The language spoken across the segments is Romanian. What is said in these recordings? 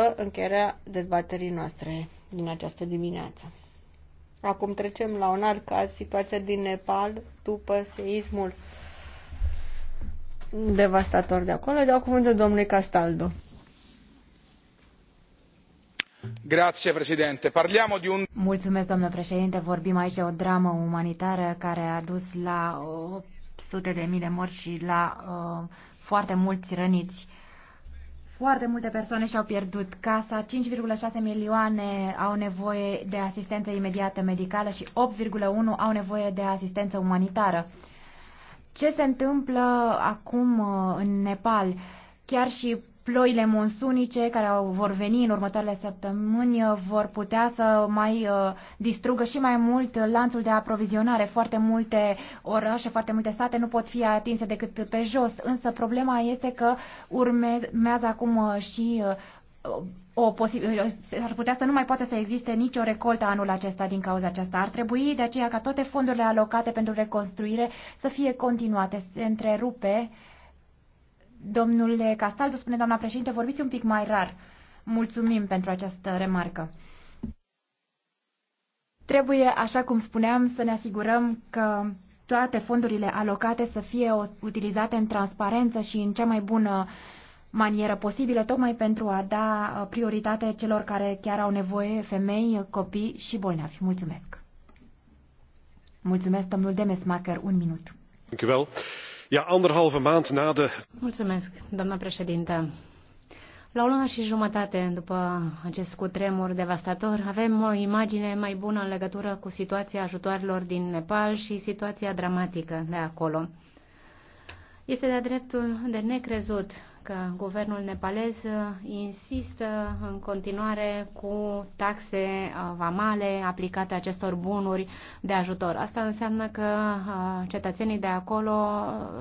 după încheierea dezbaterii noastre din această dimineață. Acum trecem la un alt caz, situația din Nepal după seismul devastator de acolo. Dau cuvântul domnului Castaldo. Grazie, președinte. Parliamo di un... Mulțumesc, domnule președinte. Vorbim aici de o dramă umanitară care a dus la 800 de mii de morți și la uh, foarte mulți răniți. Uh, foarte multe persoane și-au pierdut casa, 5,6 milioane au nevoie de asistență imediată medicală și 8,1 au nevoie de asistență umanitară. Ce se întâmplă acum uh, în Nepal? Chiar și ploile monsunice care au, vor veni în următoarele săptămâni uh, vor putea să mai uh, distrugă și mai mult lanțul de aprovizionare. Foarte multe orașe, foarte multe sate nu pot fi atinse decât pe jos. Însă problema este că urmează acum uh, și uh, o ar putea să nu mai poate să existe nicio recoltă anul acesta din cauza aceasta. Ar trebui de aceea ca toate fondurile alocate pentru reconstruire să fie continuate. Se întrerupe Domnule Castaldo, spune doamna președinte, vorbiți un pic mai rar. Mulțumim pentru această remarcă. Trebuie, așa cum spuneam, să ne asigurăm că toate fondurile alocate să fie utilizate în transparență și în cea mai bună manieră posibilă, tocmai pentru a da uh, prioritate celor care chiar au nevoie, femei, copii și bolnavi. Mulțumesc! Mulțumesc, domnul Demesmacher, un minut. Mulțumesc anderhalve maand na de... Mulțumesc, doamna președintă. La o lună și jumătate după acest cutremur devastator, avem o imagine mai bună în legătură cu situația ajutoarelor din Nepal și situația dramatică de acolo. Este de-a dreptul de necrezut că guvernul nepalez uh, insistă în continuare cu taxe uh, vamale aplicate acestor bunuri de ajutor. Asta înseamnă că uh, cetățenii de acolo,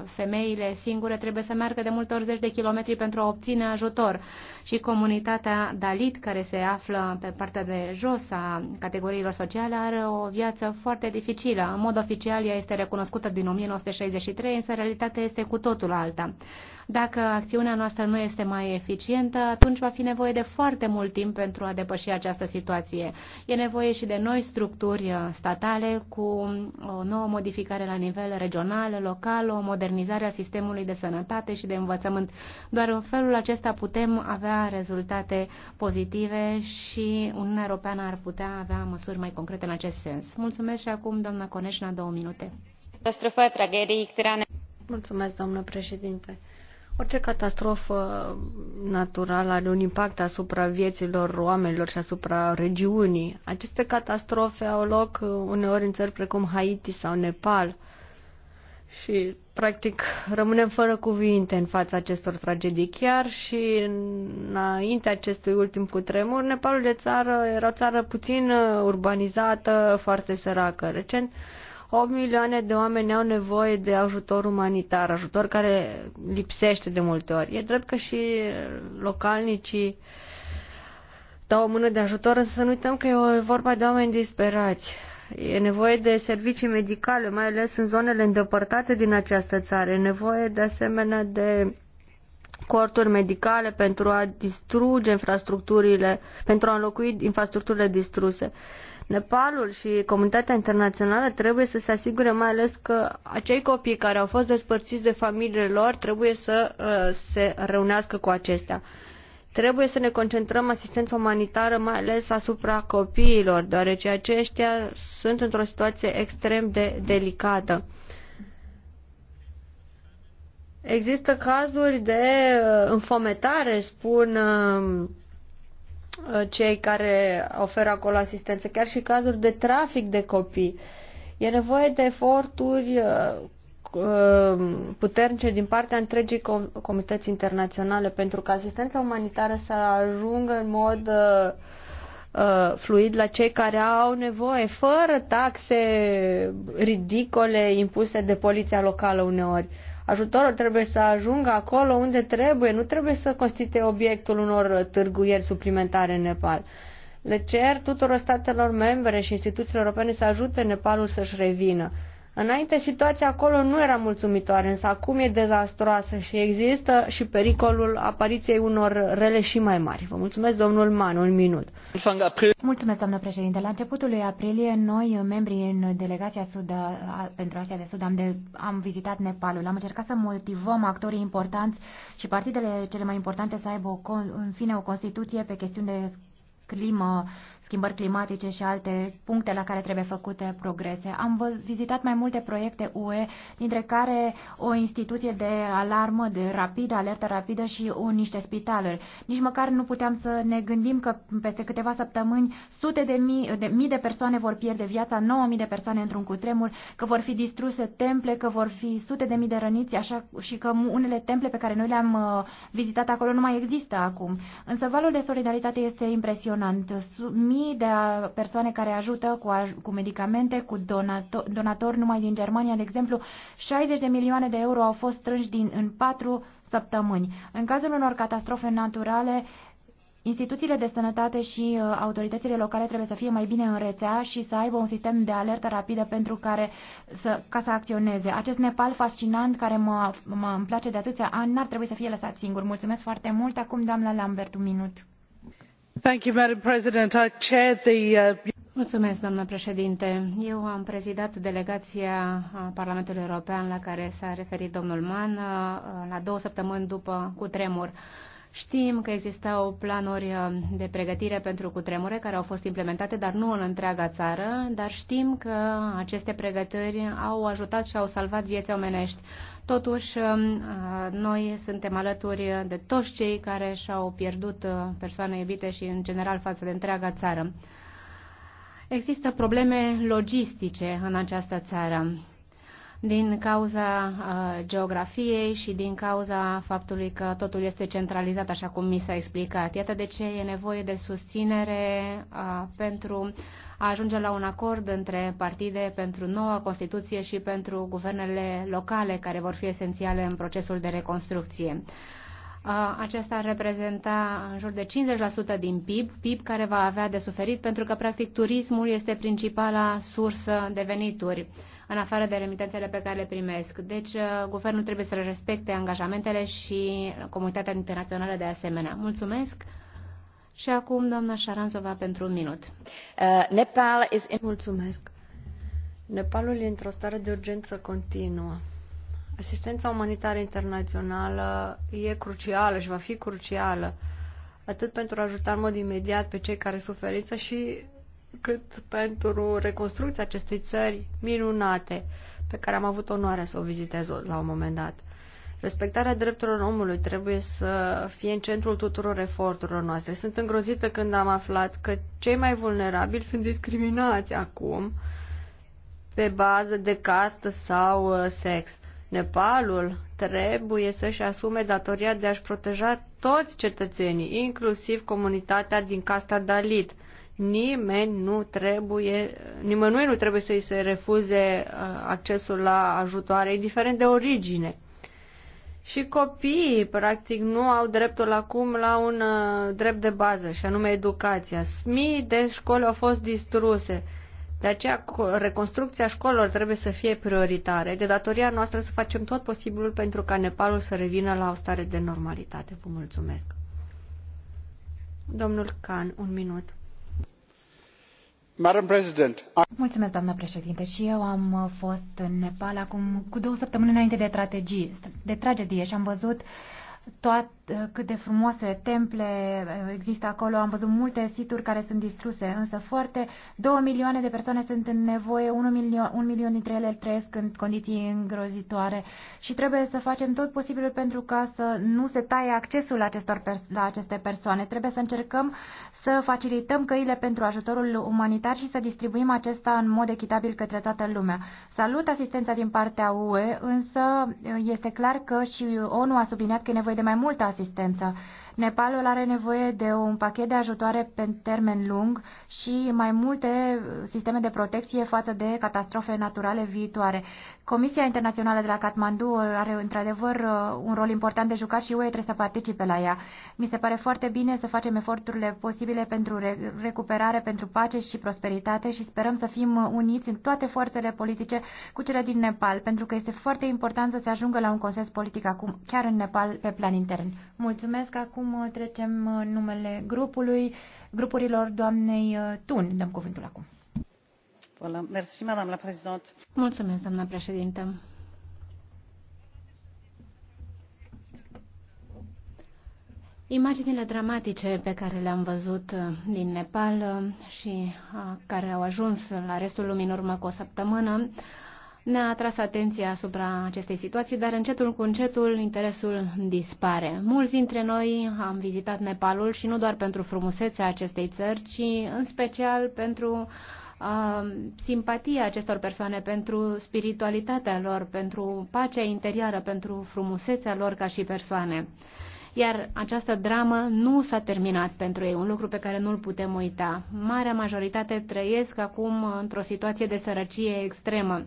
femeile singure, trebuie să meargă de multe ori zeci de kilometri pentru a obține ajutor. Și comunitatea Dalit, care se află pe partea de jos a categoriilor sociale, are o viață foarte dificilă. În mod oficial, ea este recunoscută din 1963, însă realitatea este cu totul alta. Dacă acțiunea noastră nu este mai eficientă, atunci va fi nevoie de foarte mult timp pentru a depăși această situație. E nevoie și de noi structuri uh, statale cu uh, o nouă modificare la nivel regional, local, o modernizare a sistemului de sănătate și de învățământ. Doar în felul acesta putem avea rezultate pozitive și Uniunea Europeană ar putea avea măsuri mai concrete în acest sens. Mulțumesc și acum, doamna Coneșna, două minute. Mulțumesc, doamnă președinte Orice catastrofă naturală are un impact asupra vieților oamenilor și asupra regiunii. Aceste catastrofe au loc uh, uneori în țări precum Haiti sau Nepal și, practic, rămânem fără cuvinte în fața acestor tragedii. Chiar și înainte acestui ultim cutremur, Nepalul de țară era o țară puțin uh, urbanizată, foarte săracă. Recent, 8 milioane de oameni au nevoie de ajutor umanitar, ajutor care lipsește de multe ori. E drept că și localnicii dau o mână de ajutor, însă să nu uităm că e vorba de oameni disperați. E nevoie de servicii medicale, mai ales în zonele îndepărtate din această țară. E nevoie de asemenea de corturi medicale pentru a distruge infrastructurile, pentru a înlocui infrastructurile distruse. Nepalul și comunitatea internațională trebuie să se asigure mai ales că acei copii care au fost despărțiți de familiile lor trebuie să uh, se reunească cu acestea. Trebuie să ne concentrăm asistența umanitară mai ales asupra copiilor, deoarece aceștia sunt într-o situație extrem de delicată. Există cazuri de uh, înfometare, spun uh, Uh, cei care oferă acolo asistență, chiar și cazuri de trafic de copii. E nevoie de eforturi uh, uh, puternice din partea întregii comunități internaționale pentru că asistența umanitară să ajungă în mod fluid la cei care au nevoie, fără taxe ridicole impuse de poliția locală uneori. Uh, Ajutorul trebuie să ajungă acolo unde trebuie, nu trebuie să constituie obiectul unor târguieri suplimentare în Nepal. Le cer tuturor statelor membre și instituțiilor europene să ajute Nepalul să-și revină. Înainte situația acolo nu era mulțumitoare, însă acum e dezastroasă și există și pericolul apariției unor rele și mai mari. Vă mulțumesc, domnul Man, un minut. Mulțumesc, doamnă președinte. La începutul lui aprilie, noi, membrii în delegația Sud, pentru Asia de Sud, am, de, am vizitat Nepalul. Am încercat să motivăm actorii importanți și partidele cele mai importante să aibă, o, în fine, o constituție pe chestiuni de climă, schimbări climatice și alte puncte la care trebuie făcute progrese. Am vizitat mai multe proiecte UE, dintre care o instituție de alarmă de rapidă, alertă rapidă și o niște spitaluri. Nici măcar nu puteam să ne gândim că peste câteva săptămâni sute de mii de, mii de persoane vor pierde viața, 9.000 de persoane într-un cutremur, că vor fi distruse temple, că vor fi sute de mii de răniți așa, și că unele temple pe care noi le-am uh, vizitat acolo nu mai există acum. Însă valul de solidaritate este impresionant. Mii mii de persoane care ajută cu, cu medicamente, cu donator, donatori numai din Germania, de exemplu, 60 de milioane de euro au fost strânși din, în patru săptămâni. În cazul unor catastrofe naturale, Instituțiile de sănătate și uh, autoritățile locale trebuie să fie mai bine în rețea și să aibă un sistem de alertă rapidă pentru care să, ca să acționeze. Acest Nepal fascinant care mă, mă îmi place de atâția ani n-ar trebui să fie lăsat singur. Mulțumesc foarte mult. Acum, doamna Lambert, un minut. Uh, Mulțumesc, doamnă președinte eu am prezidat delegația parlamentului european la care s a referit domnul mann uh, la două săptămâni după cutremur. Știm că existau planuri uh, de pregătire pentru cutremure care au fost implementate, dar nu în întreaga țară, dar știm că aceste pregătiri au ajutat și au salvat vieți omenești. Totuși, uh, noi suntem alături de toți cei care și-au pierdut uh, persoane iubite și, în general, față de întreaga țară. Există probleme logistice în această țară din cauza uh, geografiei și din cauza faptului că totul este centralizat, așa cum mi s-a explicat. Iată de ce e nevoie de susținere uh, pentru a ajunge la un acord între partide pentru noua Constituție și pentru guvernele locale, care vor fi esențiale în procesul de reconstrucție. Uh, Acesta ar reprezenta în jur de 50% din PIB, PIB care va avea de suferit pentru că, practic, turismul este principala sursă de venituri în afară de remitențele pe care le primesc. Deci, uh, guvernul trebuie să respecte angajamentele și comunitatea internațională de asemenea. Mulțumesc! Și acum, doamna Șaranzova, pentru un minut. Uh, Nepal is in... Mulțumesc! Nepalul e într-o stare de urgență continuă. Asistența umanitară internațională e crucială și va fi crucială atât pentru a ajuta în mod imediat pe cei care suferiță și cât pentru reconstrucția acestei țări minunate pe care am avut onoarea să o vizitez la un moment dat. Respectarea drepturilor omului trebuie să fie în centrul tuturor eforturilor noastre. Sunt îngrozită când am aflat că cei mai vulnerabili sunt discriminați acum pe bază de castă sau uh, sex. Nepalul trebuie să-și asume datoria de a-și proteja toți cetățenii, inclusiv comunitatea din casta Dalit, nimeni nu trebuie, nimănui nu trebuie să-i se refuze uh, accesul la ajutoare, indiferent de origine. Și copiii, practic, nu au dreptul acum la un uh, drept de bază, și anume educația. Mii de școli au fost distruse. De aceea, reconstrucția școlilor trebuie să fie prioritare. De datoria noastră să facem tot posibilul pentru ca Nepalul să revină la o stare de normalitate. Vă mulțumesc. Domnul Can, un minut. Mulțumesc, doamnă președinte. Și eu am uh, fost în Nepal acum cu două săptămâni înainte de, tragedie, de tragedie și am văzut uh, toat, cât de frumoase temple există acolo. Am văzut multe situri care sunt distruse, însă foarte 2 milioane de persoane sunt în nevoie, 1 milion, 1 milion dintre ele trăiesc în condiții îngrozitoare și trebuie să facem tot posibilul pentru ca să nu se taie accesul acestor la aceste persoane. Trebuie să încercăm să facilităm căile pentru ajutorul umanitar și să distribuim acesta în mod echitabil către toată lumea. Salut asistența din partea UE, însă este clar că și ONU a subliniat că e nevoie nevoie de mai multă asistență Nepalul are nevoie de un pachet de ajutoare pe termen lung și mai multe uh, sisteme de protecție față de catastrofe naturale viitoare. Comisia Internațională de la Kathmandu uh, are într-adevăr uh, un rol important de jucat și UE trebuie să participe la ea. Mi se pare foarte bine să facem eforturile posibile pentru recuperare, pentru pace și prosperitate și sperăm să fim uniți în toate forțele politice cu cele din Nepal, pentru că este foarte important să se ajungă la un consens politic acum, chiar în Nepal, pe plan intern. Mulțumesc acum Acum uh, trecem uh, numele grupului, grupurilor doamnei uh, Tun. Dăm cuvântul acum. Mulțumesc, doamna președintă. Imaginile dramatice pe care le-am văzut din Nepal și care au ajuns la restul lumii în urmă cu o săptămână ne-a atras atenția asupra acestei situații, dar încetul cu încetul interesul dispare. Mulți dintre noi am vizitat Nepalul și nu doar pentru frumusețea acestei țări, ci în special pentru uh, simpatia acestor persoane, pentru spiritualitatea lor, pentru pacea interioară, pentru frumusețea lor ca și persoane. Iar această dramă nu s-a terminat pentru ei, un lucru pe care nu-l putem uita. Marea majoritate trăiesc acum într-o situație de sărăcie extremă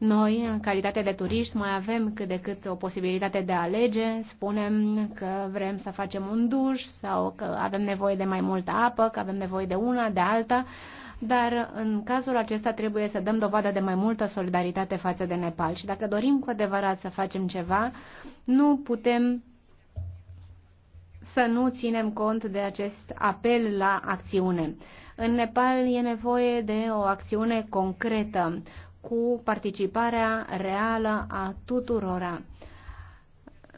noi, în calitate de turiști, mai avem cât de cât o posibilitate de a alege. Spunem că vrem să facem un duș sau că avem nevoie de mai multă apă, că avem nevoie de una, de alta dar în cazul acesta trebuie să dăm dovadă de mai multă solidaritate față de Nepal și dacă dorim cu adevărat să facem ceva, nu putem să nu ținem cont de acest apel la acțiune. În Nepal e nevoie de o acțiune concretă, cu participarea reală a tuturora.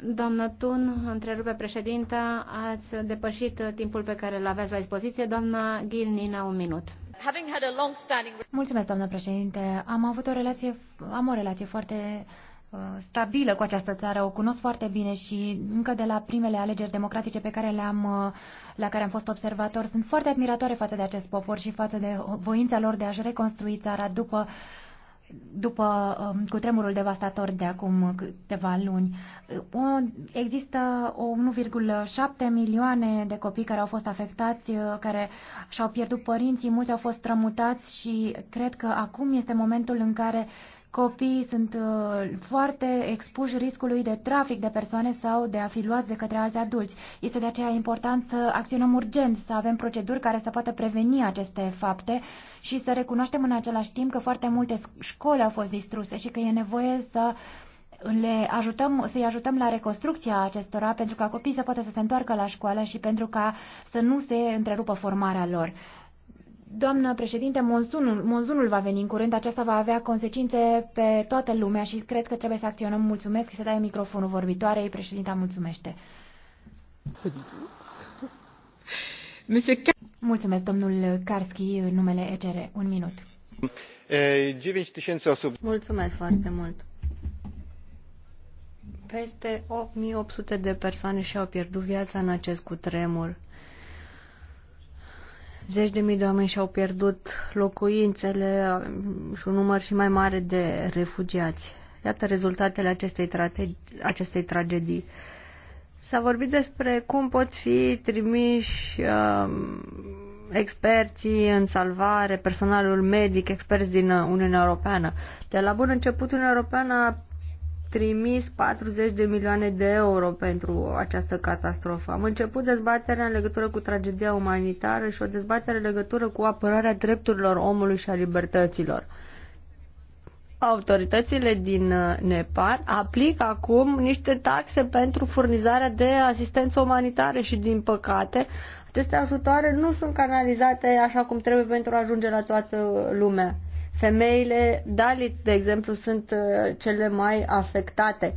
Doamnă Tun, întrerupe președinta, ați depășit timpul pe care îl aveați la dispoziție. Doamna Ghilnina, un minut. Mulțumesc, doamnă președinte. Am avut o relație, am o relație foarte uh, stabilă cu această țară, o cunosc foarte bine și încă de la primele alegeri democratice pe care le-am, uh, la care am fost observator, sunt foarte admiratoare față de acest popor și față de voința lor de a-și reconstrui țara după uh, după um, cu tremurul devastator de acum câteva luni. Există 1,7 milioane de copii care au fost afectați, uh, care și-au pierdut părinții, mulți au fost strămutați și cred că acum este momentul în care Copiii sunt uh, foarte expuși riscului de trafic de persoane sau de a fi luați de către alți adulți. Este de aceea important să acționăm urgent, să avem proceduri care să poată preveni aceste fapte și să recunoaștem în același timp că foarte multe școli au fost distruse și că e nevoie să le ajutăm, să-i ajutăm la reconstrucția acestora pentru ca copiii să poată să se întoarcă la școală și pentru ca să nu se întrerupă formarea lor. Doamnă președinte, monsunul, monsunul va veni în curând, aceasta va avea consecințe pe toată lumea și cred că trebuie să acționăm. Mulțumesc, să dai microfonul vorbitoarei, președinta mulțumește. Mulțumesc, domnul Karski, numele ECR. Un minut. Mulțumesc foarte mult. Peste 8800 de persoane și-au pierdut viața în acest cutremur. Zeci de mii de oameni și-au pierdut locuințele um, și un număr și mai mare de refugiați. Iată rezultatele acestei, trate- acestei tragedii. S-a vorbit despre cum pot fi trimiși uh, experții în salvare, personalul medic, experți din uh, Uniunea Europeană. De la bun început, Uniunea Europeană a trimis 40 de milioane de euro pentru această catastrofă. Am început dezbaterea în legătură cu tragedia umanitară și o dezbatere în legătură cu apărarea drepturilor omului și a libertăților. Autoritățile din uh, Nepal aplică acum niște taxe pentru furnizarea de asistență umanitară și, din păcate, aceste ajutoare nu sunt canalizate așa cum trebuie pentru a ajunge la toată lumea. Femeile Dalit, de exemplu, sunt uh, cele mai afectate.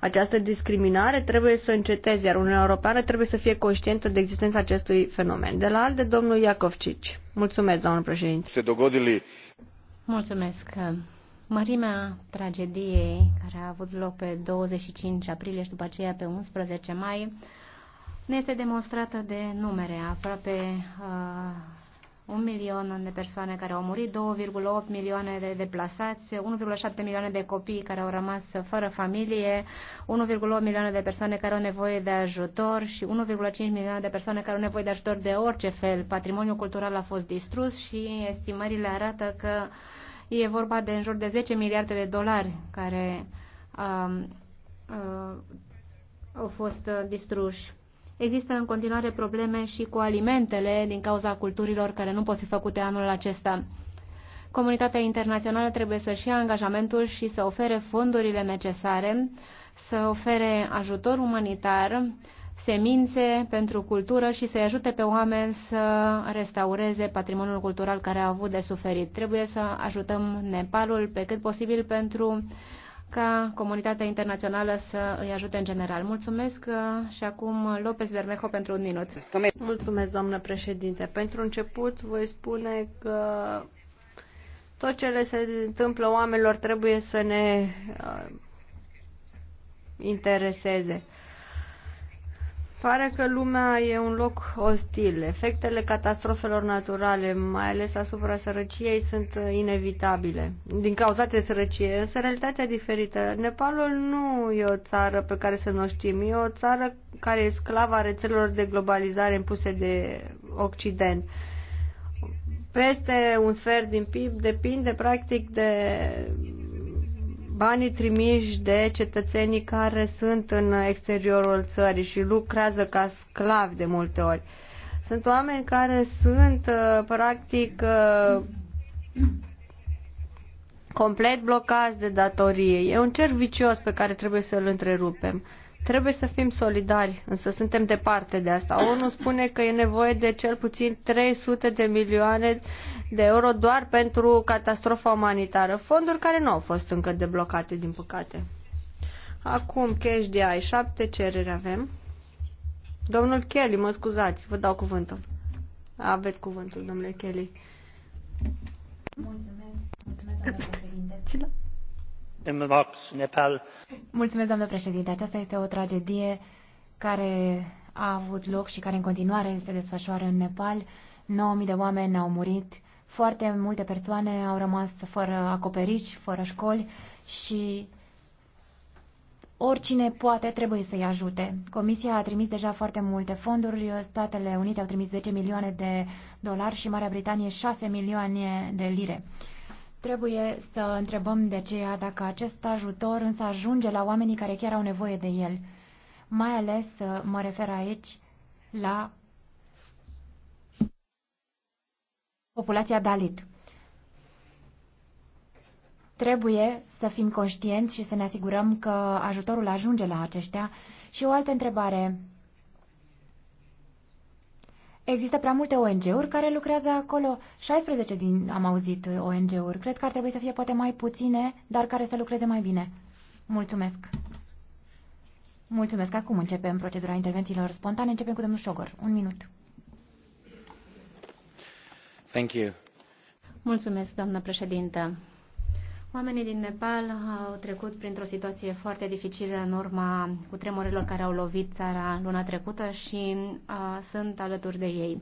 Această discriminare trebuie să înceteze, iar Uniunea Europeană trebuie să fie conștientă de existența acestui fenomen. De la al de domnul Iacovcici. Mulțumesc, domnul președinte. Se Mulțumesc. Mărimea tragediei care a avut loc pe 25 aprilie și după aceea pe 11 mai ne este demonstrată de numere. Aproape uh, un milion de persoane care au murit, 2,8 milioane de deplasați, 1,7 milioane de copii care au rămas fără familie, 1,8 milioane de persoane care au nevoie de ajutor și 1,5 milioane de persoane care au nevoie de ajutor de orice fel. Patrimoniul cultural a fost distrus și estimările arată că e vorba de în jur de 10 miliarde de dolari care um, uh, au fost distruși. Există în continuare probleme și cu alimentele din cauza culturilor care nu pot fi făcute anul acesta. Comunitatea internațională trebuie să-și ia angajamentul și să ofere fondurile necesare, să ofere ajutor umanitar, semințe pentru cultură și să-i ajute pe oameni să restaureze patrimoniul cultural care a avut de suferit. Trebuie să ajutăm Nepalul pe cât posibil pentru ca comunitatea internațională să îi ajute în general. Mulțumesc uh, și acum Lopez Vermejo pentru un minut. Mulțumesc, doamnă președinte. Pentru început voi spune că tot ce le se întâmplă oamenilor trebuie să ne uh, intereseze. Pare că lumea e un loc ostil. Efectele catastrofelor naturale, mai ales asupra sărăciei, sunt inevitabile. Din cauza de sărăcie, însă realitatea diferită. Nepalul nu e o țară pe care să nu o știm. E o țară care e sclava rețelelor de globalizare impuse de Occident. Peste un sfert din PIB depinde practic de banii trimiși de cetățenii care sunt în exteriorul țării și lucrează ca sclavi de multe ori. Sunt oameni care sunt uh, practic uh, complet blocați de datorie. E un cer vicios pe care trebuie să-l întrerupem. Trebuie să fim solidari, însă suntem departe de asta. ONU spune că e nevoie de cel puțin 300 de milioane de euro doar pentru catastrofa umanitară, fonduri care nu au fost încă deblocate, din păcate. Acum, cash de ai, șapte cereri avem. Domnul Kelly, mă scuzați, vă dau cuvântul. Aveți cuvântul, domnule Kelly. Mulțumesc, mulțumesc, Mulțumesc, doamnă președinte. Aceasta este o tragedie care a avut loc și care în continuare se desfășoară în Nepal. 9.000 de oameni au murit, foarte multe persoane au rămas fără acoperiș, fără școli și oricine poate trebuie să-i ajute. Comisia a trimis deja foarte multe fonduri, Statele Unite au trimis 10 milioane de dolari și Marea Britanie 6 milioane de lire. Trebuie să întrebăm de aceea dacă acest ajutor însă ajunge la oamenii care chiar au nevoie de el. Mai ales uh, mă refer aici la populația Dalit. Trebuie să fim conștienți și să ne asigurăm că ajutorul ajunge la aceștia. Și o altă întrebare Există prea multe ONG-uri care lucrează acolo. 16 din am auzit uh, ONG-uri. Cred că ar trebui să fie poate mai puține, dar care să lucreze mai bine. Mulțumesc. Mulțumesc. Acum începem procedura intervențiilor spontane. Începem cu domnul Șogor. Un minut. Thank you. Mulțumesc, doamnă președintă. Oamenii din Nepal au trecut printr-o situație foarte dificilă în urma cutremurilor care au lovit țara luna trecută și uh, sunt alături de ei.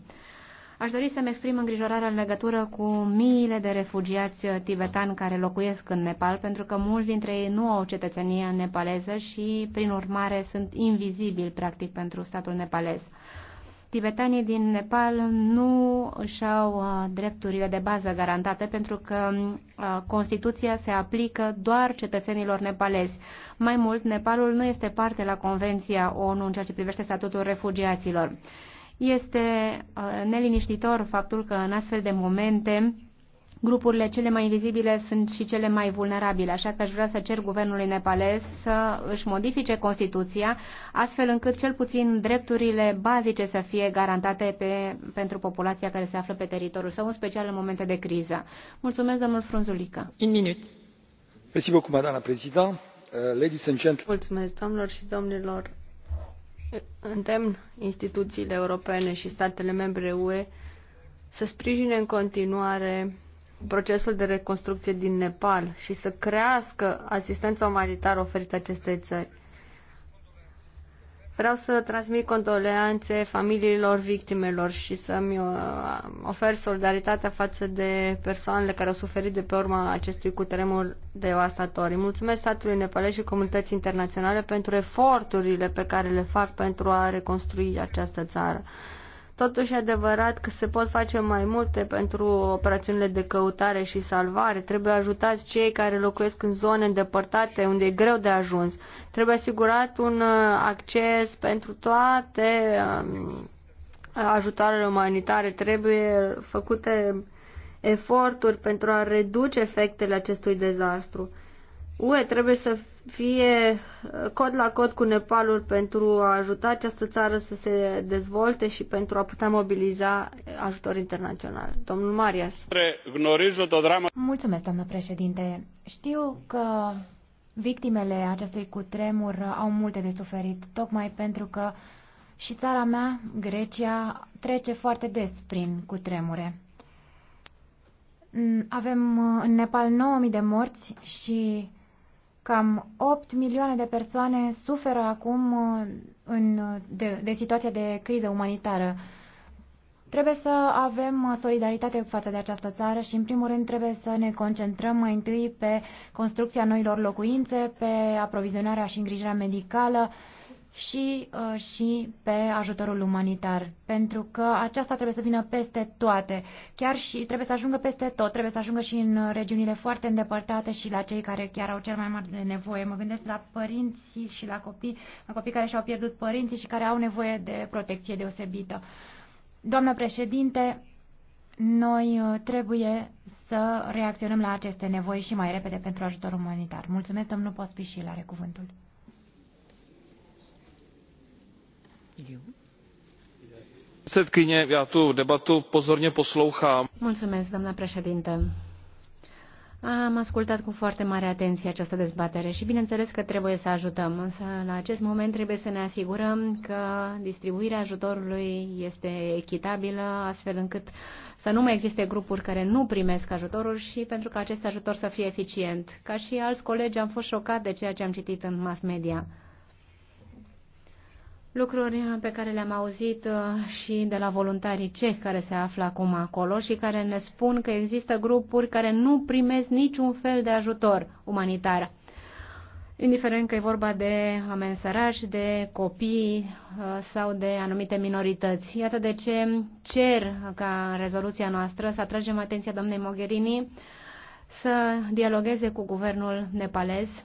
Aș dori să-mi exprim îngrijorarea în legătură cu miile de refugiați tibetani care locuiesc în Nepal, pentru că mulți dintre ei nu au cetățenie nepaleză și, prin urmare, sunt invizibili, practic, pentru statul nepalez. Tibetanii din Nepal nu își au uh, drepturile de bază garantate pentru că uh, Constituția se aplică doar cetățenilor nepalezi. Mai mult, Nepalul nu este parte la Convenția ONU în ceea ce privește statutul refugiaților. Este uh, neliniștitor faptul că în astfel de momente grupurile cele mai invizibile sunt și cele mai vulnerabile, așa că aș vrea să cer guvernului nepalez să își modifice Constituția, astfel încât cel puțin drepturile bazice să fie garantate pe, pentru populația care se află pe teritoriul său, în special în momente de criză. Mulțumesc, domnul Frunzulică. Un minut. Mersi beaucoup, madame președintă. Euh, ladies and gentlemen. Mulțumesc, doamnelor și domnilor. Îndemn instituțiile europene și statele membre UE să sprijine în continuare procesul de reconstrucție din Nepal și să crească asistența umanitară oferită acestei țări. Vreau să transmit condoleanțe familiilor victimelor și să-mi uh, ofer solidaritatea față de persoanele care au suferit de pe urma acestui cutremur devastator. Îi mulțumesc statului nepalez și comunității internaționale pentru eforturile pe care le fac pentru a reconstrui această țară. Totuși e adevărat că se pot face mai multe pentru operațiunile de căutare și salvare. Trebuie ajutați cei care locuiesc în zone îndepărtate unde e greu de ajuns. Trebuie asigurat un uh, acces pentru toate um, ajutoarele umanitare. Trebuie făcute eforturi pentru a reduce efectele acestui dezastru. UE trebuie să fie uh, cod la cod cu Nepalul pentru a ajuta această țară să se dezvolte și pentru a putea mobiliza ajutor internațional. Domnul Marias. Mulțumesc, doamnă președinte. Știu că victimele acestui cutremur au multe de suferit, tocmai pentru că și țara mea, Grecia, trece foarte des prin cutremure. Avem uh, în Nepal 9.000 de morți și Cam 8 milioane de persoane suferă acum uh, în, de, de situația de criză umanitară. Trebuie să avem uh, solidaritate față de această țară și, în primul rând, trebuie să ne concentrăm mai întâi pe construcția noilor locuințe, pe aprovizionarea și îngrijirea medicală, și, uh, și pe ajutorul umanitar, pentru că aceasta trebuie să vină peste toate, chiar și trebuie să ajungă peste tot, trebuie să ajungă și în regiunile foarte îndepărtate și la cei care chiar au cel mai mare de nevoie. Mă gândesc la părinții și la copii, la copii care și-au pierdut părinții și care au nevoie de protecție deosebită. Doamnă președinte, noi uh, trebuie să reacționăm la aceste nevoi și mai repede pentru ajutor umanitar. Mulțumesc, domnul Pospișil, are cuvântul. já tu debatu pozorně poslouchám. doamnă președintă am ascultat cu foarte mare atenție această dezbatere și bineînțeles că trebuie să ajutăm, însă la acest moment trebuie să ne asigurăm că distribuirea ajutorului este echitabilă, astfel încât să nu mai existe grupuri care nu primesc ajutorul și pentru că acest ajutor să fie eficient. Ca și alți colegi am fost șocat de ceea ce am citit în mass media lucruri pe care le-am auzit uh, și de la voluntarii cehi care se află acum acolo și care ne spun că există grupuri care nu primesc niciun fel de ajutor umanitar. Indiferent că e vorba de sărași, de copii uh, sau de anumite minorități. Iată de ce cer ca în rezoluția noastră să atragem atenția doamnei Mogherini să dialogueze cu guvernul nepalez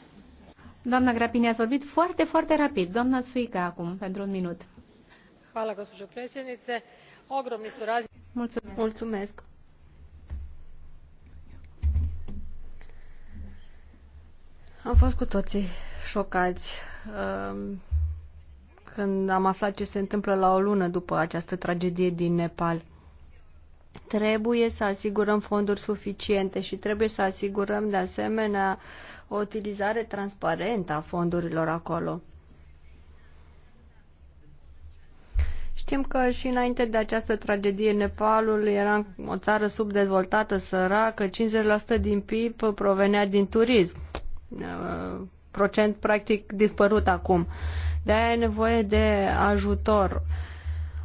Doamna Grapini, ați vorbit foarte, foarte rapid. Doamna Suica acum, pentru un minut. Mulțumesc. Mulțumesc. Am fost cu toții șocați um, când am aflat ce se întâmplă la o lună după această tragedie din Nepal. Trebuie să asigurăm fonduri suficiente și trebuie să asigurăm de asemenea uh, o utilizare transparentă a fondurilor acolo. Știm că și înainte de această tragedie Nepalul era o țară subdezvoltată, săracă, 50% din PIB provenea din turism, uh, procent practic dispărut acum. De aia e nevoie de ajutor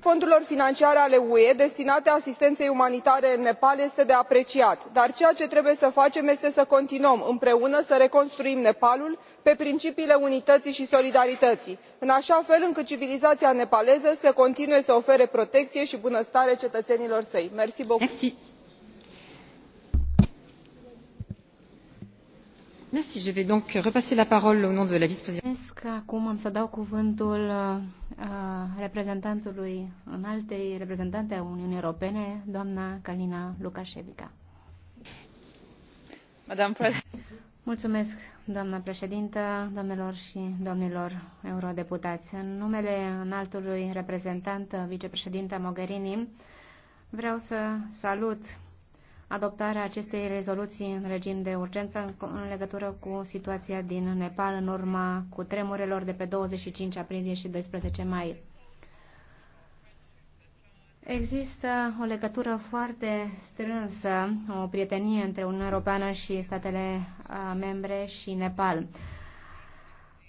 fondurilor financiare ale ue destinate asistenței umanitare în nepal este de apreciat dar ceea ce trebuie să facem este să continuăm împreună să reconstruim nepalul pe principiile unității și solidarității în așa fel încât civilizația nepaleză să continue să ofere protecție și bunăstare cetățenilor săi. Merci, je vais donc repasser la parole au nom de la vice-présidente. Acum am să dau cuvântul uh, reprezentantului înaltei reprezentante a Uniunii Europene, doamna Kalina Lukashevica. Mulțumesc, doamna președintă, domnilor și domnilor eurodeputați. În numele înaltului reprezentant, vicepreședinte Mogherini, vreau să salut adoptarea acestei rezoluții în regim de urgență în legătură cu situația din Nepal în urma cu tremurelor de pe 25 aprilie și 12 mai. Există o legătură foarte strânsă, o prietenie între Uniunea Europeană și statele membre și Nepal.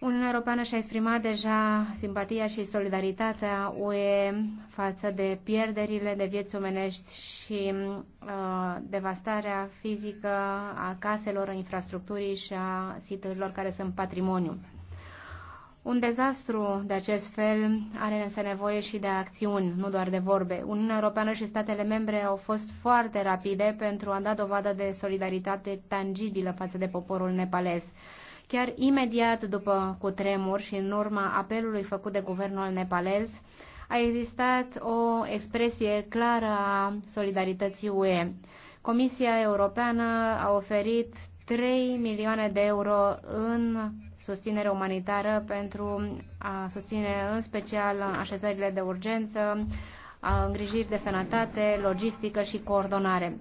Uniunea Europeană și-a exprimat deja simpatia și solidaritatea UE față de pierderile de vieți omenești și uh, devastarea fizică a caselor, a infrastructurii și a siturilor care sunt patrimoniu. Un dezastru de acest fel are însă nevoie și de acțiuni, nu doar de vorbe. Uniunea Europeană și statele membre au fost foarte rapide pentru a da dovadă de solidaritate tangibilă față de poporul nepalez. Chiar imediat după cutremur și în urma apelului făcut de guvernul nepalez, a existat o expresie clară a solidarității UE. Comisia Europeană a oferit 3 milioane de euro în susținere umanitară pentru a susține în special așezările de urgență, îngrijiri de sănătate, logistică și coordonare.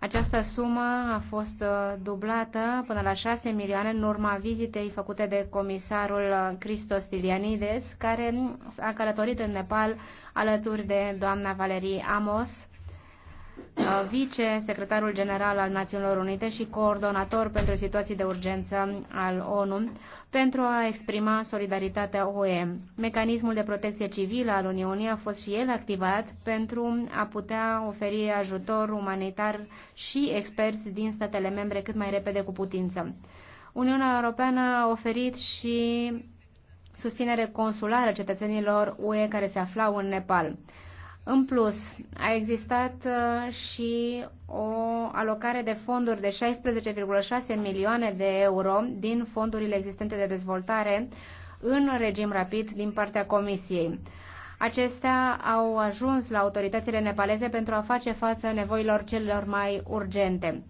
Această sumă a fost uh, dublată până la 6 milioane în urma vizitei făcute de comisarul Christos Tilianides, care a călătorit în Nepal alături de doamna Valerie Amos, uh, vice-secretarul general al Națiunilor Unite și coordonator pentru situații de urgență al ONU, pentru a exprima solidaritatea UE. Mecanismul de protecție civilă al Uniunii a fost și el activat pentru a putea oferi ajutor umanitar și experți din statele membre cât mai repede cu putință. Uniunea Europeană a oferit și susținere consulară cetățenilor UE care se aflau în Nepal. În plus, a existat uh, și o alocare de fonduri de 16,6 milioane de euro din fondurile existente de dezvoltare în regim rapid din partea Comisiei. Acestea au ajuns la autoritățile nepaleze pentru a face față nevoilor celor mai urgente.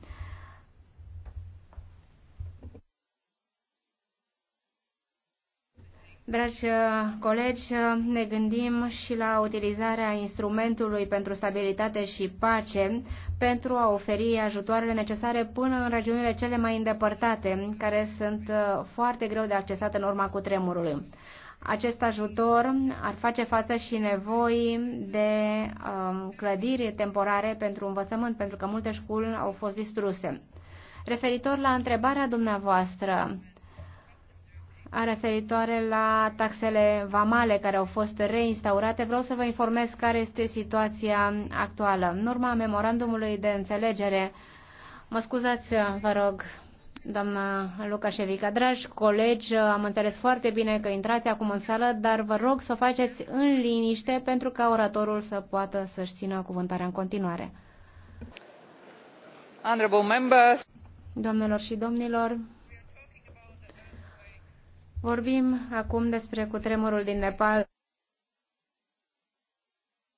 Dragi uh, colegi, uh, ne gândim și la utilizarea instrumentului pentru stabilitate și pace pentru a oferi ajutoarele necesare până în regiunile cele mai îndepărtate, care sunt uh, foarte greu de accesate în urma cutremurului. Acest ajutor ar face față și nevoii de um, clădiri temporare pentru învățământ, pentru că multe școli au fost distruse. Referitor la întrebarea dumneavoastră, referitoare la taxele vamale care au fost reinstaurate, vreau să vă informez care este situația actuală. În urma memorandumului de înțelegere, mă scuzați, vă rog, doamna Lucașevica. Dragi colegi, am înțeles foarte bine că intrați acum în sală, dar vă rog să o faceți în liniște pentru ca oratorul să poată să-și țină cuvântarea în continuare. Honorable members. Doamnelor și domnilor, Vorbim acum despre cutremurul din Nepal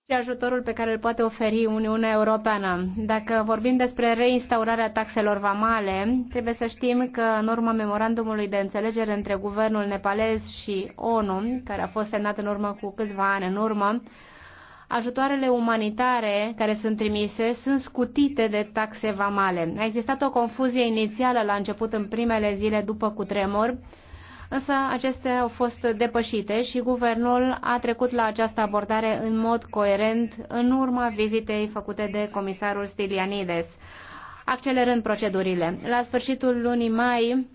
și ajutorul pe care îl poate oferi Uniunea Europeană. Dacă vorbim despre reinstaurarea taxelor vamale, trebuie să știm că în urma memorandumului de înțelegere între guvernul nepalez și ONU, care a fost semnat în urmă cu câțiva ani în urmă, ajutoarele umanitare care sunt trimise sunt scutite de taxe vamale. A existat o confuzie inițială la început în primele zile după cutremur, însă acestea au fost depășite și guvernul a trecut la această abordare în mod coerent în urma vizitei făcute de comisarul Stylianides, accelerând procedurile. La sfârșitul lunii mai,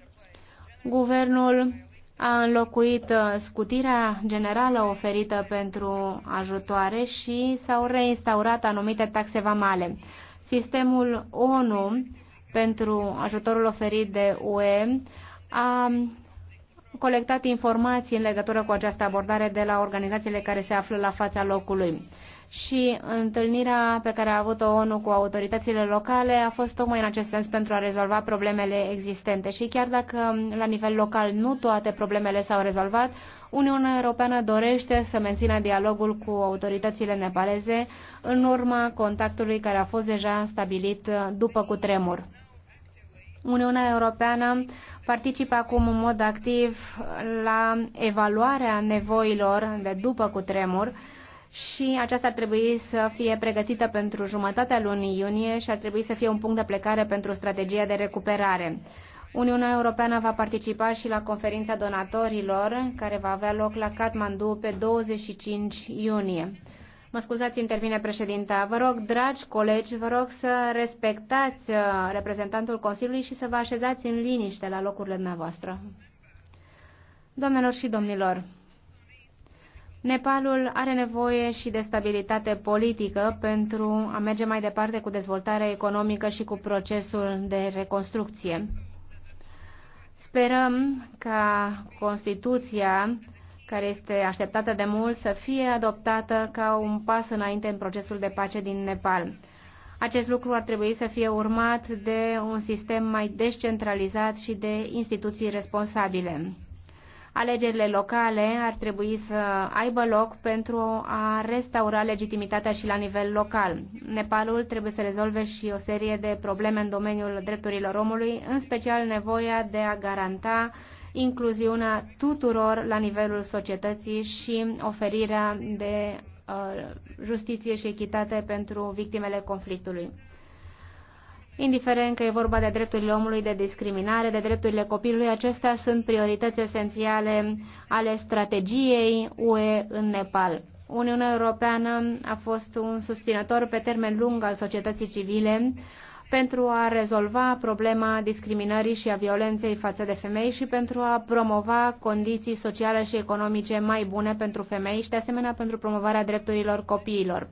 guvernul a înlocuit uh, scutirea generală oferită pentru ajutoare și s-au reinstaurat anumite taxe vamale. Sistemul ONU pentru ajutorul oferit de UE a colectat informații în legătură cu această abordare de la organizațiile care se află la fața locului. Și întâlnirea pe care a avut-o ONU cu autoritățile locale a fost tocmai în acest sens pentru a rezolva problemele existente. Și chiar dacă la nivel local nu toate problemele s-au rezolvat, Uniunea Europeană dorește să mențină dialogul cu autoritățile nepaleze în urma contactului care a fost deja stabilit după cutremur. Uniunea Europeană participă acum în mod activ la evaluarea nevoilor de după cutremur și aceasta ar trebui să fie pregătită pentru jumătatea lunii iunie și ar trebui să fie un punct de plecare pentru strategia de recuperare. Uniunea Europeană va participa și la conferința donatorilor, care va avea loc la Kathmandu pe 25 iunie. Mă scuzați, intervine președinta. Vă rog, dragi colegi, vă rog să respectați uh, reprezentantul Consiliului și să vă așezați în liniște la locurile dumneavoastră. Doamnelor și domnilor, Nepalul are nevoie și de stabilitate politică pentru a merge mai departe cu dezvoltarea economică și cu procesul de reconstrucție. Sperăm ca Constituția care este așteptată de mult să fie adoptată ca un pas înainte în procesul de pace din Nepal. Acest lucru ar trebui să fie urmat de un sistem mai descentralizat și de instituții responsabile. Alegerile locale ar trebui să aibă loc pentru a restaura legitimitatea și la nivel local. Nepalul trebuie să rezolve și o serie de probleme în domeniul drepturilor omului, în special nevoia de a garanta incluziunea tuturor la nivelul societății și oferirea de uh, justiție și echitate pentru victimele conflictului. Indiferent că e vorba de drepturile omului, de discriminare, de drepturile copilului, acestea sunt priorități esențiale ale strategiei UE în Nepal. Uniunea Europeană a fost un susținător pe termen lung al societății civile, pentru a rezolva problema discriminării și a violenței față de femei și pentru a promova condiții sociale și economice mai bune pentru femei și de asemenea pentru promovarea drepturilor copiilor.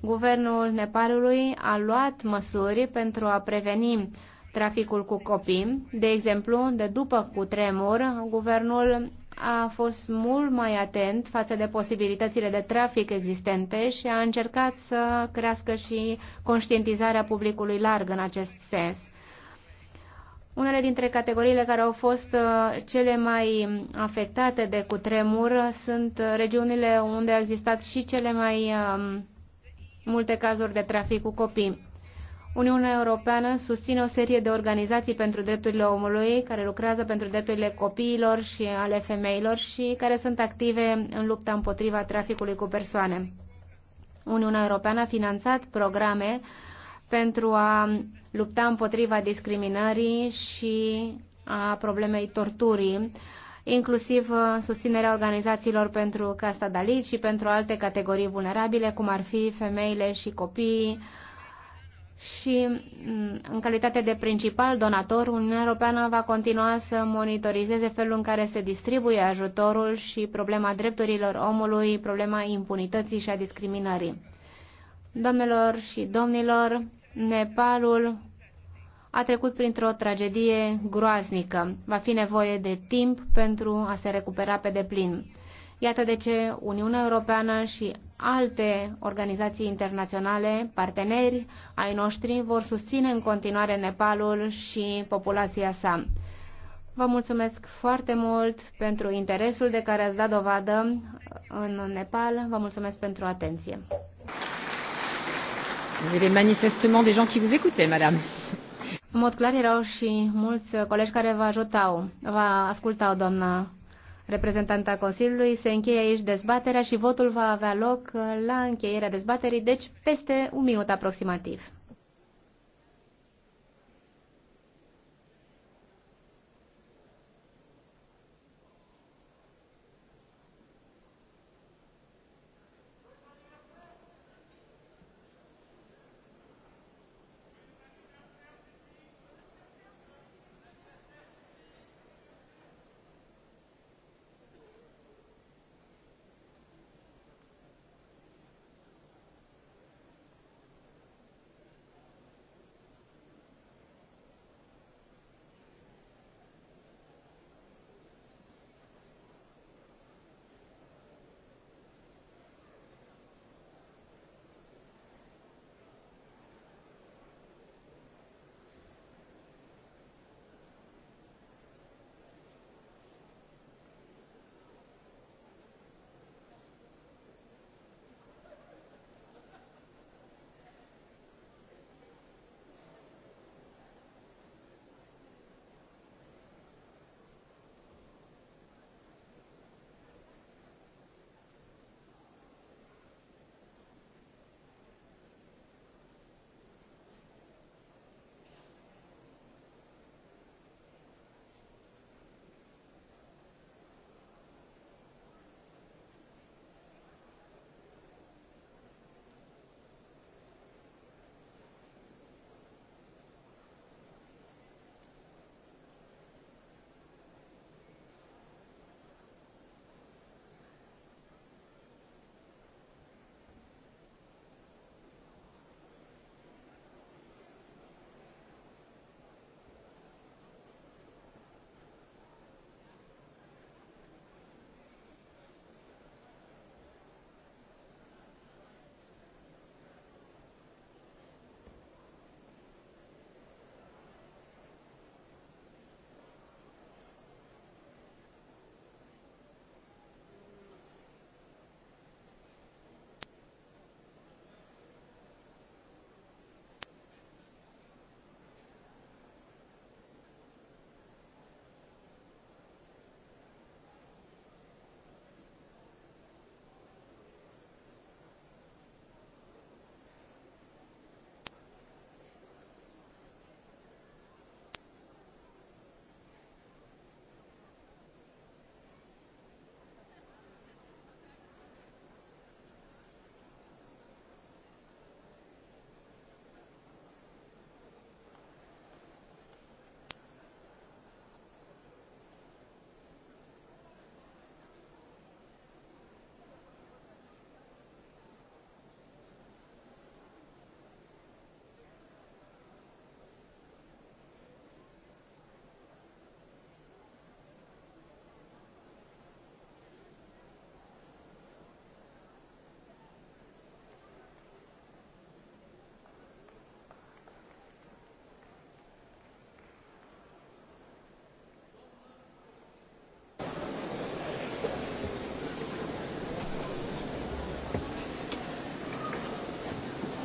Guvernul Nepalului a luat măsuri pentru a preveni traficul cu copii. De exemplu, de după cutremur, guvernul a fost mult mai atent față de posibilitățile de trafic existente și a încercat să crească și conștientizarea publicului larg în acest sens. Unele dintre categoriile care au fost uh, cele mai afectate de cutremur sunt regiunile unde au existat și cele mai um, multe cazuri de trafic cu copii. Uniunea Europeană susține o serie de organizații pentru drepturile omului care lucrează pentru drepturile copiilor și ale femeilor și care sunt active în lupta împotriva traficului cu persoane. Uniunea Europeană a finanțat programe pentru a lupta împotriva discriminării și a problemei torturii, inclusiv susținerea organizațiilor pentru castadalit și pentru alte categorii vulnerabile, cum ar fi femeile și copiii, și mm, în calitate de principal donator, Uniunea Europeană va continua să monitorizeze felul în care se distribuie ajutorul și problema drepturilor omului, problema impunității și a discriminării. Domnilor și domnilor, Nepalul a trecut printr-o tragedie groaznică. Va fi nevoie de timp pentru a se recupera pe deplin. Iată de ce Uniunea Europeană și alte organizații internaționale, parteneri ai noștri, vor susține în continuare Nepalul și populația sa. Vă mulțumesc foarte mult pentru interesul de care ați dat dovadă în Nepal. Vă mulțumesc pentru atenție. manifestement des gens qui vous écoutaient, madame. În mod clar erau și mulți colegi care vă ajutau, vă ascultau, doamna reprezentanta Consiliului. Se încheie aici dezbaterea și votul va avea loc uh, la încheierea dezbaterii, deci peste un minut aproximativ.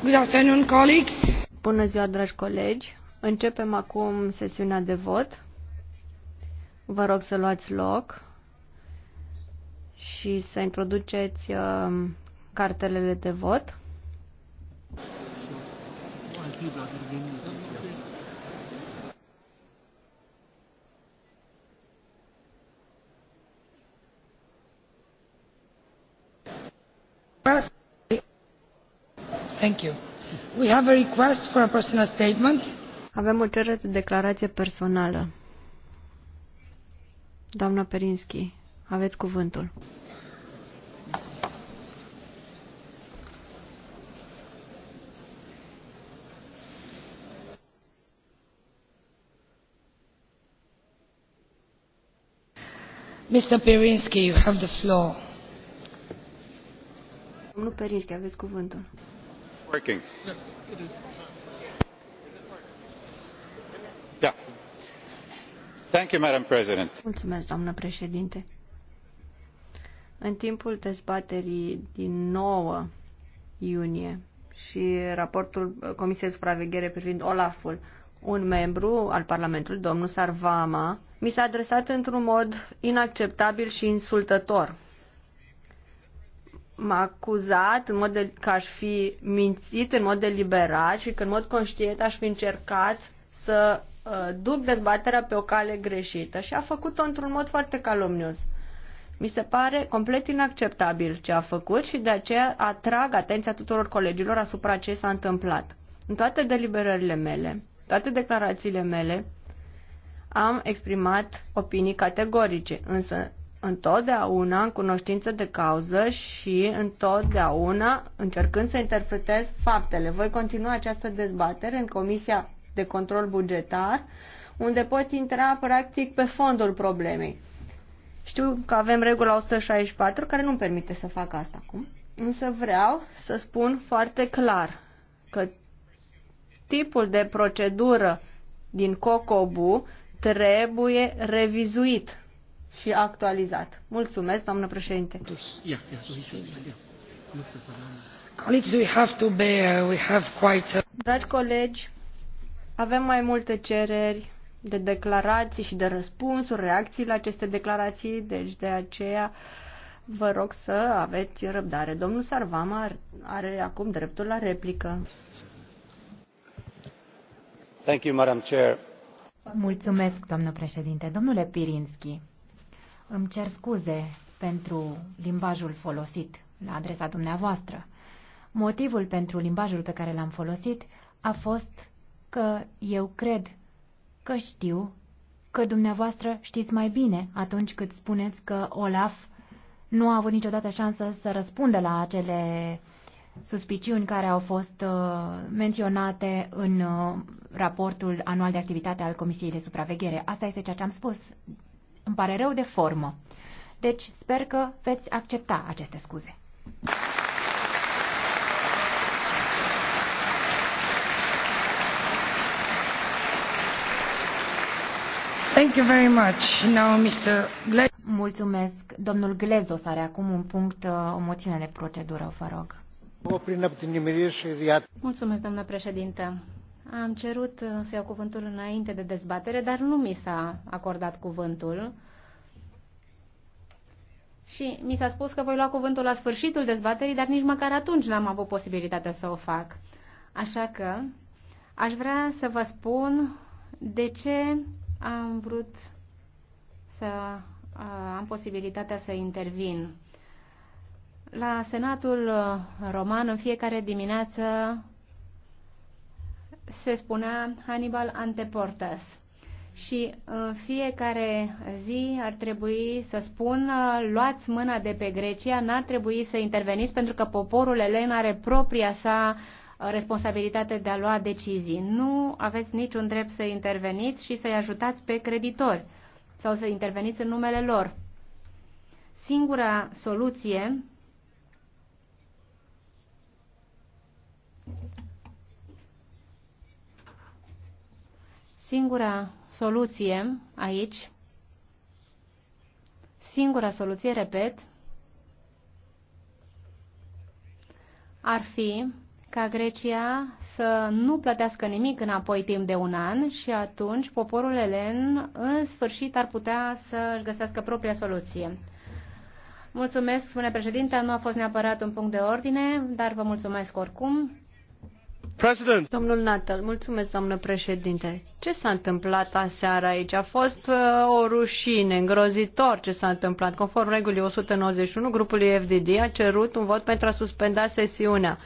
Good afternoon, colleagues. Bună ziua, dragi colegi. Începem acum sesiunea de vot. Vă rog să luați loc și să introduceți uh, cartelele de vot. Avem o cerere de declarație personală. Doamna Perinski, aveți cuvântul. Mr. Perinski, you have the floor. Domnul Perinski, aveți cuvântul working? Mulțumesc, doamnă președinte. În timpul dezbaterii din 9 iunie și raportul Comisiei de Supraveghere privind Olaful, un membru al Parlamentului, domnul Sarvama, mi s-a adresat într-un mod inacceptabil și insultător m-a acuzat în mod de, că aș fi mințit în mod deliberat și că în mod conștient aș fi încercat să uh, duc dezbaterea pe o cale greșită și a făcut-o într-un mod foarte calomnios. Mi se pare complet inacceptabil ce a făcut și de aceea atrag atenția tuturor colegilor asupra ce s-a întâmplat. În toate deliberările mele, toate declarațiile mele, am exprimat opinii categorice, însă întotdeauna în cunoștință de cauză și întotdeauna încercând să interpretez faptele. Voi continua această dezbatere în Comisia de Control Bugetar, unde pot intra practic pe fondul problemei. Știu că avem regula 164 care nu permite să fac asta acum, însă vreau să spun foarte clar că tipul de procedură din COCOBU trebuie revizuit și actualizat. Mulțumesc, doamnă președinte. we have to bear, we have quite Dragi colegi, avem mai multe cereri de declarații și de răspunsuri, reacții la aceste declarații, deci de aceea vă rog să aveți răbdare. Domnul Sarvama are acum dreptul la replică. Thank you, Madam Chair. Mulțumesc, domnule președinte. Domnule Pirinski, îmi cer scuze pentru limbajul folosit la adresa dumneavoastră. Motivul pentru limbajul pe care l-am folosit a fost că eu cred că știu că dumneavoastră știți mai bine atunci cât spuneți că Olaf nu a avut niciodată șansă să răspundă la acele suspiciuni care au fost uh, menționate în uh, raportul anual de activitate al Comisiei de Supraveghere. Asta este ceea ce am spus. Îmi pare rău de formă. Deci sper că veți accepta aceste scuze. Thank you very much. Now, Mr. Gle- Mulțumesc. Domnul Glezos are acum un punct, uh, o moțiune de procedură, vă rog. Mulțumesc, doamnă președintă. Am cerut să iau cuvântul înainte de dezbatere, dar nu mi s-a acordat cuvântul. Și mi s-a spus că voi lua cuvântul la sfârșitul dezbaterii, dar nici măcar atunci n-am avut posibilitatea să o fac. Așa că aș vrea să vă spun de ce am vrut să am posibilitatea să intervin. La Senatul Roman, în fiecare dimineață, se spunea Hannibal Anteportas. Și în uh, fiecare zi ar trebui să spun, uh, luați mâna de pe Grecia, n-ar trebui să interveniți pentru că poporul elen are propria sa uh, responsabilitate de a lua decizii. Nu aveți niciun drept să interveniți și să-i ajutați pe creditori sau să interveniți în numele lor. Singura soluție Singura soluție aici, singura soluție, repet, ar fi ca Grecia să nu plătească nimic înapoi timp de un an și atunci poporul elen în sfârșit ar putea să-și găsească propria soluție. Mulțumesc, spune președinte, nu a fost neapărat un punct de ordine, dar vă mulțumesc oricum. Domnul Natal, mulțumesc, doamnă președinte. Ce s-a întâmplat aseară aici? A fost uh, o rușine, îngrozitor ce s-a întâmplat. Conform regulii 191, grupul FDD a cerut un vot pentru a suspenda sesiunea.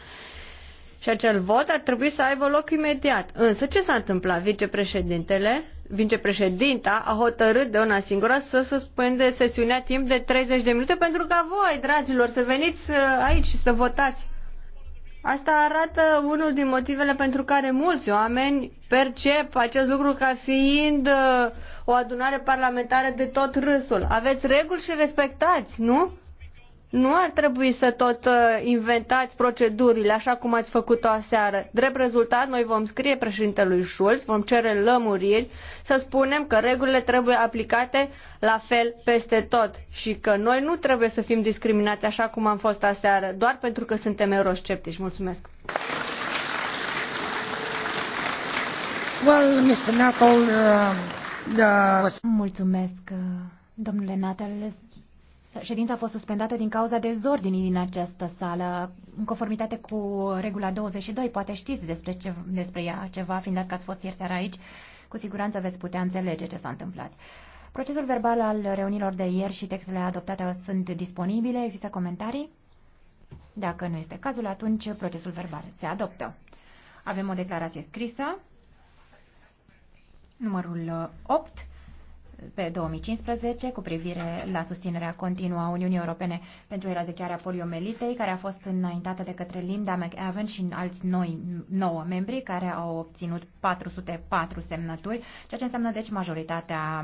Și acel vot ar trebui să aibă loc imediat. Însă ce s-a întâmplat? Vicepreședintele, vicepreședinta a hotărât de una singură să suspende sesiunea timp de 30 de minute pentru ca voi, dragilor, să veniți uh, aici și să votați Asta arată unul din motivele pentru care mulți oameni percep acest lucru ca fiind uh, o adunare parlamentară de tot râsul. Aveți reguli și respectați, nu? Nu ar trebui să tot uh, inventați procedurile așa cum ați făcut-o aseară. Drept rezultat, noi vom scrie președintelui Schulz, vom cere lămuriri, să spunem că regulile trebuie aplicate la fel peste tot și că noi nu trebuie să fim discriminați așa cum am fost aseară, doar pentru că suntem eurosceptici. Mulțumesc! Well, Mr. Nuttall, uh, the... Uh, Mulțumesc, uh, domnule Nuttall. Ședința a fost suspendată din cauza dezordinii din această sală. În conformitate cu regula 22, poate știți despre, ce, despre ea ceva, fiind că ați fost ieri seara aici, cu siguranță veți putea înțelege ce s-a întâmplat. Procesul verbal al reunilor de ieri și textele adoptate sunt disponibile. Există comentarii? Dacă nu este cazul, atunci procesul verbal se adoptă. Avem o declarație scrisă, numărul 8 pe 2015 cu privire la susținerea continuă a Uniunii Europene pentru eradicarea poliomelitei, care a fost înaintată de către Linda McAvan și alți noi, nouă membri care au obținut 404 semnături, ceea ce înseamnă deci majoritatea